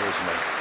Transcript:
Rosemary.